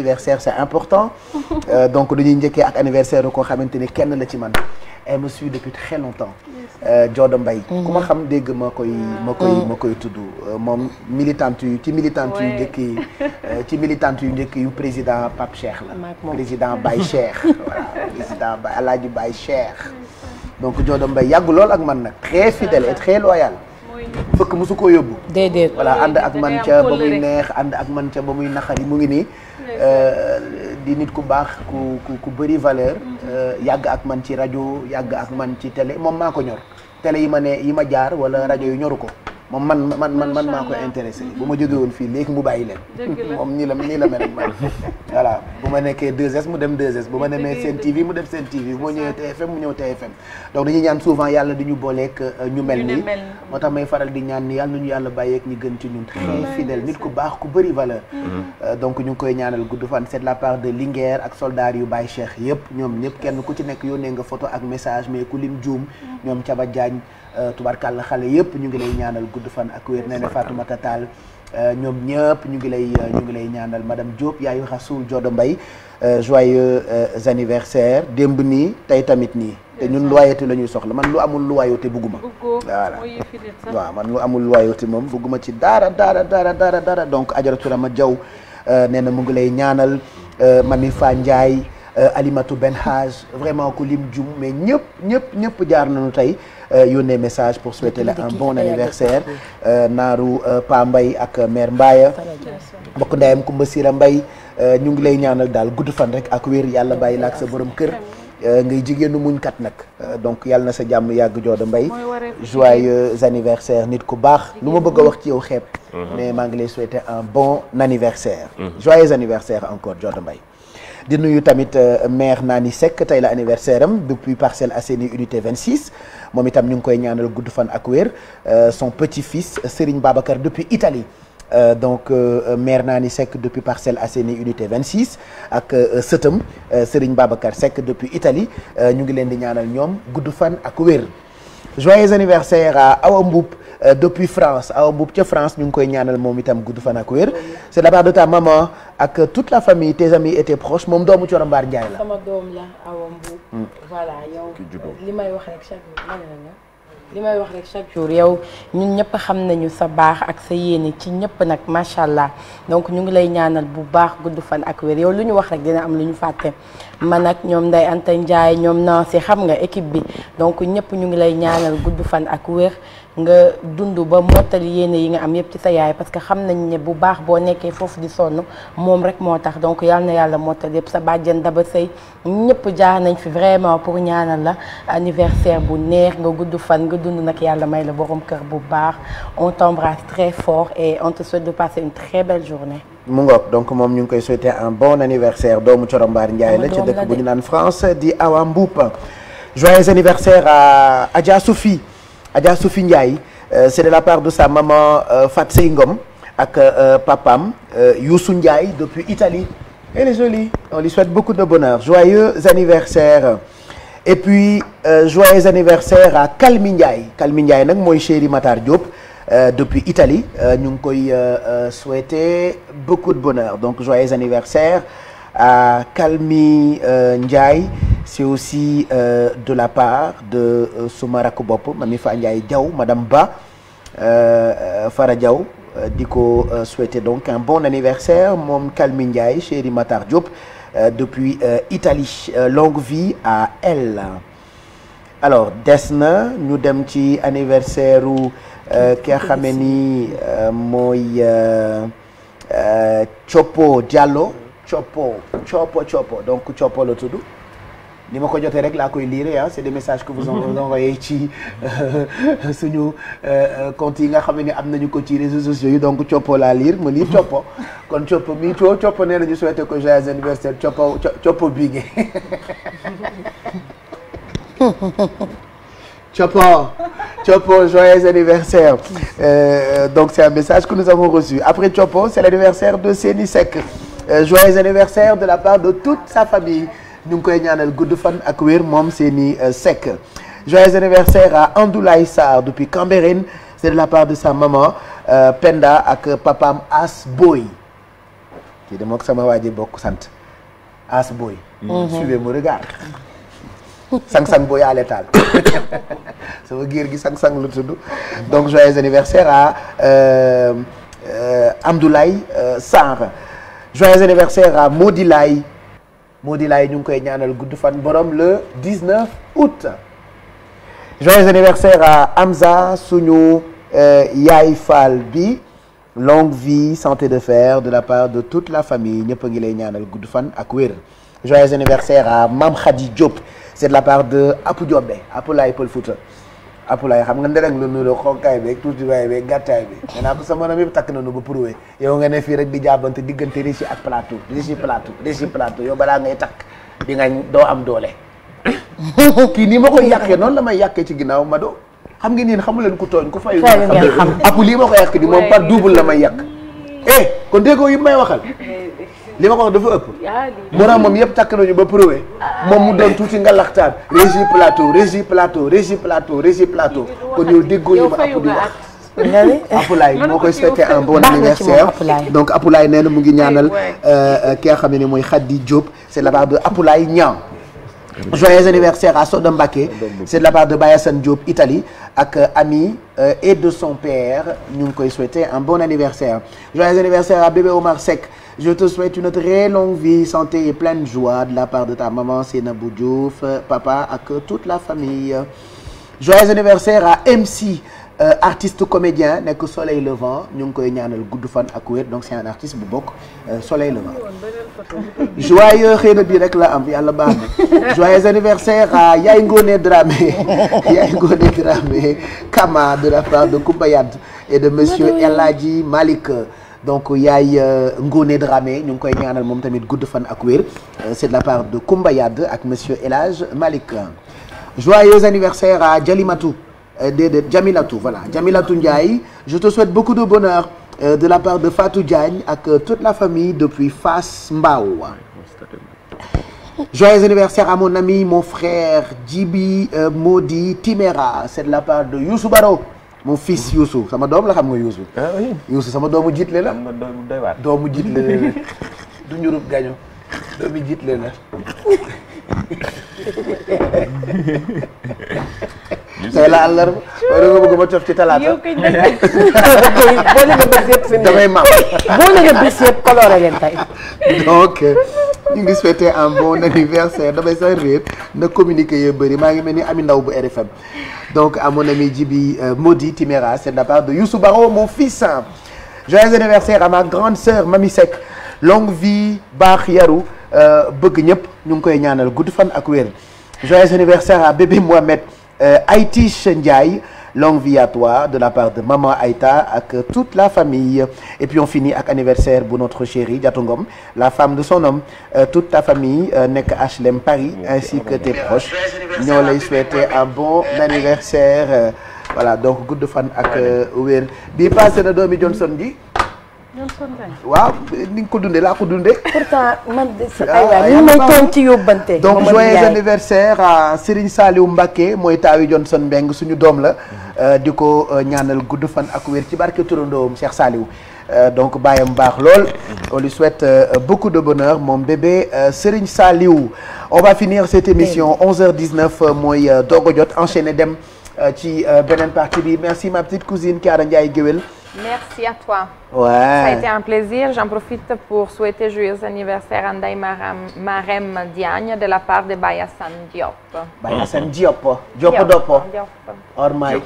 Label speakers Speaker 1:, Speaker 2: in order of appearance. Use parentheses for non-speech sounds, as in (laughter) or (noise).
Speaker 1: anniversaire c'est important (laughs) euh, donc dañuy njëkkee ak anniversaire koo xamante ni kenn la ci man elle yu suit depuis très longtemps euh, Joodo mbay mhm. ku ma xam dégg ma koy ma koy ah. ma koy tudd euh, moom militante yu ci militante yu njëkk (laughs) euh, ci militante yu njëkk yu président Pape Cheikh la président Baye (laughs) Cheikh voilà président Baye Alaaji bay Cheikh donc Joodo mbay yàgg lool ak man nag très fidèle et très loyal fëkk mosu koo yóbbu déedéet ànd ak man ca ba muy neex ànd ak man ca ba muy naxari mu ngi nii di nit ku baax ku ku ku bëri valeur. Euh, yàgg ak man ci rajo yàgg ak man ci télé moom maa ko ñor. télé yi ma ne yi ma jaar wala rajo yi ñoru ko moom man man man man maa ko intéressé bu ma jógee woon fii léegi mu bàyyi leen. moom nii la nii man. (laughs) voilà bu ma nekkee 2S mu dem 2S bu ma demee seen TV mu dem seen TV bu ma ñëwee TFM mu ñëw TFM donc dañuy ñaan souvent yàlla di ñu euh, ñu mel nii moo tax may faral di ñaan yàlla nañu yàlla bàyyeek ñu gën ci ñun très fidèle nit ku baax ku bari valeur mm-hmm. euh, donc ñu ngi koy ñaanal gudd fan c'est la part de Linguère ak soldat yu Baye Cheikh yëpp ñoom ñëpp kenn ku ci nekk yónnee nga photo ak message mais ku lim juum mm-hmm. ñoom Caba Diagne euh, tubarkàlla xale yëpp ñu ngi lay ñaanal gudd fan ak wér nee na Fatoumata Tall Euh, ñoom ñëpp ñu ngi lay ñu ngi lay ñaanal madame Diop yaayu Rasoul Jodo mbay euh, joyeux euh, anniversaire démb nii tey tamit nii te ñun loyauté la ñuy soxla man lu amul loyauté bugguma voilà waaw man lu amul loyauté moom bugguma ci dara dara dara dara donc Ajaratu Rama Jaw nee na mu ngi lay ñaanal Mami Fa Ndiaye Alimatu Ben Haj vraiment ku lim jum mais ñëpp ñëpp ñëpp jaar nañu tey Euh, yónnee message pour souhaiter la un bon anniversaire euh, naaru euh, Pa mbay ak mère Mbaye mbokk ndeyam Kumba Sira mbay ñu ngi lay ñaanal daal gudd fan rek ak wér yàlla bàyyi la ak sa boroom kër ngay jigéenu muñkat nag donc yàlla na sa jàmm yàgg jooda mbay joyeux anniversaire nit ku baax lu ma bëgg a wax ci yow xeeb mhm. mais maa ngi lay souhaiter un bon anniversaire mhm. joyeux anniversaire encore jooda mbay di nuyu tamit euh, maire Nani Seck tey la anniversaire am depuis Parcelles Assainies unité 26 moom itam ñu ngi koy ñaanal gudd fan ak wér euh, son petit-fils Serigne Babacar depuis Italie. Euh, donc euh, maire Nani sekk depuis Parcelles Assainies unité 26 ak sëtam Serigne Babacar Seck depuis itali ñu ngi leen di ñaanal ñoom gudd fan ak wér joyeux anniversaire à Awa Mboup Euh, depuis France aw boobu ca France ñu ngi koy ñaanal moom itam gudd fan ak wér c'est de la part de ta maman ak toute la famille tes amis et tes proches moom doomu Coro Mbaar la. sama doom hmm. li may wax rek li may wax chaque jour yow ñun ñëpp xam nañu sa baax ak sa yéene ci ñëpp nag macha allah donc ñu ngi lay ñaanal bu baax gudd fan ak wér yow lu ñu wax rek dina am lu ñu fàtte man ak ñoom Ndeye Anta Ndiaye ñoom Nancy xam nga équipe bi donc ñëpp ñu ngi lay ñaanal gudd fan ak wér. nga dundu ba mottali yéene yi nga am yëpp ci sa yaay parce que xam nañ ne bu baax boo nekkee foofu di sonn moom rek moo tax donc yal na yàlla mottali yépp sa bàjjen daba sëy ñëpp jaar nañ fi vraiment pour ñaanal la anniversaire bu neex nga gudd fan nga dund nag yàlla may la borom kër bu baax on t'embrasse très fort et on te souhaite de passer une très belle journée. mu ngoog donc moom ñu ngi koy souhaiter un bon anniversaire doomu Corombaar Ndiaye la ci dëkk bu ñu naan France di Awa Mboup joyeux anniversaire Adja Soufi Ndiaye euh, c'est de la part de sa maman euh, Fat Sey Ngom ak euh, papam Youssou Ndiaye depuis Italie elle est jolie on lui souhaite beaucoup de bonheur joyeux anniversaire et puis euh, joyeux anniversaire à Kalmi Ndiaye Kalmi Ndiaye nag mooy chéri Matar Diop depuis Italie ñu ngi koy souhaiter beaucoup de bonheur donc joyeux anniversaire à Kalmi euh, c'est aussi euh, de la part de euh, suma rakk bopp Mami Fa Ndiaye Diaw madame Ba euh, euh, Fara Diaw di ko souhaiter donc un bon anniversaire moom Kalmi Ndiaye chéri Matar Diop depuis Italie longue vie à elle alors des na ñu dem ci anniversaire u ki nga xamee ni mooy Coppo Diallo Coppo Coppo Coppo donc Coppo la tudd ni ma ko jotee rek laa koy lire ah c'est des messages que vous envoyez ci euh, (laughs) suñu euh, compte yi nga xam ne am nañu ko ci réseaux sociaux yi donc Coppo la lire ma lire Coppo kon Coppo mi too Coppo nee nañu souhaité ko joyeux anniversaire Coppo Coppo bii nge (laughs) Coppo Coppo joyeux anniversaire euh, donc c'est un message que nous avons reçu après Coppo c'est l'anniversaire de Séni Seck euh, joyeux anniversaire de la part de tout sa famille ñu ngi koy ñaanal gudd fan ak wér moom Séni euh, Seck joyeux anniversaire à Andoulaye Sarr depuis Cambérène c'est de la part de sa maman euh, Penda ak papam As Boy kii dama ak sama waa ji bokk sant As Boy. Mm-hmm. Mm-hmm. suivez mon regard. sang-sang booy à l'étal (coughs) sama géer gi sang-sang lu tudd donc joyeux anniversaire à euh, euh, Amdoulaye euh, Sarr joyeux anniversaire à Modilaye Mody Laye ñu ngi koy ñaanal gudd fan borom le 19 août. joyeux anniversaire à Hamza suñu euh, yaay Fall bi longue vie santé de fer de la part de toute la famille ñëpp a ngi lay ñaanal gudd fan ak wér. joyeux anniversaire à Mame Khady Diop c'est la part de Apou Diobé Apou Laye Apulaay xam nga ndereng lu nuroo xonkaay beeg tuuti waay beeg gàttaay bi nee naa ko sama morom yëpp takk na nu ba prouvé yow nga ne fii rek di jàbbante diggante Riche ak Plateau Riche Plateau Riche Plateau yow balaa ngay takk di nga doo am doole (coughs) kii nii ma koy yàqee noonu la may yàkkee ci ginnaaw Mado xam ngeen yéen xamu leen ku tooñ ku fayu ngeen xam apu lii ma ko yàq di moom par double la may yàq eh kon déggoo yi may waxal eh. li ma ko wax dafa ëpp. moo tax moom yëpp takk nañu ba prouvé. moom mu doon tuuti ngalaxtaan. régie plateau régie plateau régie plateau régie plateau. kon yow déggoo ñu ma ak di wax. nga ne Apulaay moo koy souhaité un bon anniversaire donc nee na mu ngi ñaanal euh, ki nga xam ne mooy Khady Diop c'est la part de Apulaay Niang. joyeux anniversaire à Soda Mbacké c'est de la part de Bayassane Diop Italie ak euh, ami euh, et de son père ñu ngi koy souhaité un bon anniversaire joyeux anniversaire à bébé Omar Seck. Je te souhaite une très longue vie, santé et la part de ta maman Seynabou Diouf, papa ak toute la famille. Joyeux anniversaire à MC euh, artiste comédien nekk Soleil Levant ñu ngi koy ñaanal gudd fan ak wér donc c'est un artiste bu bokk euh, Soleil xëy na bii rek la am yàlla baax na. joyeux anniversaire à Yaay Ngoné Dramé (laughs) Yaay Ngoné Kama de la part de Koumba et de monsieur El Hadji Malick. donc yaay euh, Ngoné Dramé ñu ngi koy ñaanal moom tamit gudd fan ak wér euh, c'est de la part de Koumba Yade ak monsieur El Hadj Malick joyeux anniversaire à Jalimatou euh, déedéet Jamilatou Ndiaye je te souhaite beaucoup de bonheur de la part de Fatou Diagne ak toute la famille depuis Fass Mbao joyeux anniversaire à mon ami mon frère Djibi Modi Timera c'est de la part de Youssou mon fils Youssou sama doom la xam nga Youssou. Ah Youssou sama doomu jiitle la. doomu jiitle la du ñurub gaño doomu jiitle la. tey la àllarba wala nga bëgg ma cof ci talaata. yow kay boo leen a bés yëpp. damay maam boo leen a bés yëpp coloré (laughs) li ngi souhaité un bon anniversaire damay sax réer na communiqué yooyu bëri maa ngi mel ni Ami Ndaw bu RFM donc à mon ami Djibi euh, Modi Timéra c'est de la part de Youssou Baro mon fils joyeux anniversaire à ma grande sœur Mami Seck longue vie baax yaru euh, bëgg ñëpp ñu ngi koy ñaanal gudd fan ak wér joyeux anniversaire à bébé Mohamed euh, Aïtiche Ndiaye longue vie à toi de la part de maman ayta ak toute la famille et puis on finit ak anniversaire bu notre chérie Diatou la femme de son homme euh, toute ta famille euh, nekk HLM Paris ainsi que tes proches ñoo lay souhaiter un bon eh anniversaire voilà donc gudd fan ak euh, wér bi passé na doomi Johnson ji waaw ni nga ko dundee laa ko dundee. pourtant man ah, may toon ci yóbbante. donc joyeux anniversaire à Serigne Saliou Mbacké mooy taawi Johnson Mbeng suñu doom la. Euh, di ko euh, ñaanal gudd fan ak wér ci barke turandoom Cheikh Saliou. Euh, donc mu baax lool. on lui souhaite beaucoup de bonheur moom bébé Serigne Saliou. on va finir cette émission 11 mooy doog a jot enchaîné dem ci beneen partie bi merci ma petite cousine Kiara Ndiaye Géwél. Merci à toi. Ouais. Ça a été un plaisir. J'en profite pour souhaiter joyeux anniversaire de la part de Bayasan Diop. Bayasan Diop. Diop Ormai.